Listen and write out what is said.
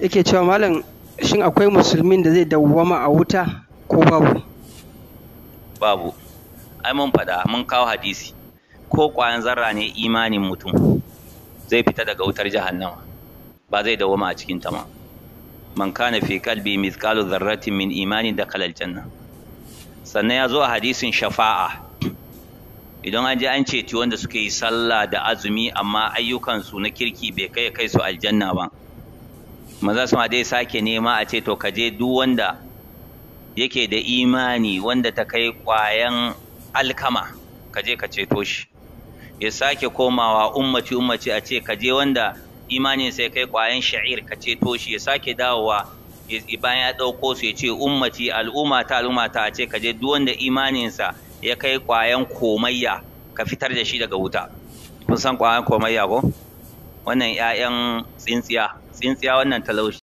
yake cewa malam shin akwai musulmin da zai dawwama a wuta ko babu babu ai mun faɗa mun kawo hadisi ko ƙwayan zarra ne imanin mutum zai fita daga wutar jahannama ba zai dawwama a cikin ta ma man kana fi qalbi mithqalu dharratin min imanin kalal janna. sannan ya zo a hadisin shafa'a idan an je an ce ceci wanda suka yi sallah da azumi amma ayyukansu na kirki bai kai kai su aljanna ba manzo sama dai sake nema a ce to ka je duk wanda yake da imani wanda ta kai kwayan alkama ka je ka ceto shi ya sake komawa ummaci ummaci a ce ka je wanda imanin sai kai kwayan sha'ir ka ceto shi ya sake dawowa bayan ya ɗauko su ya ce ummaci al'umma ta al'umma ta a ce ka je duk wanda imaninsa ya kai kwayan komayya ka fitar da shi daga wuta kun san kwayan komayya ko wannan 'ya'yan tsintsiya tsintsiya wannan talaushi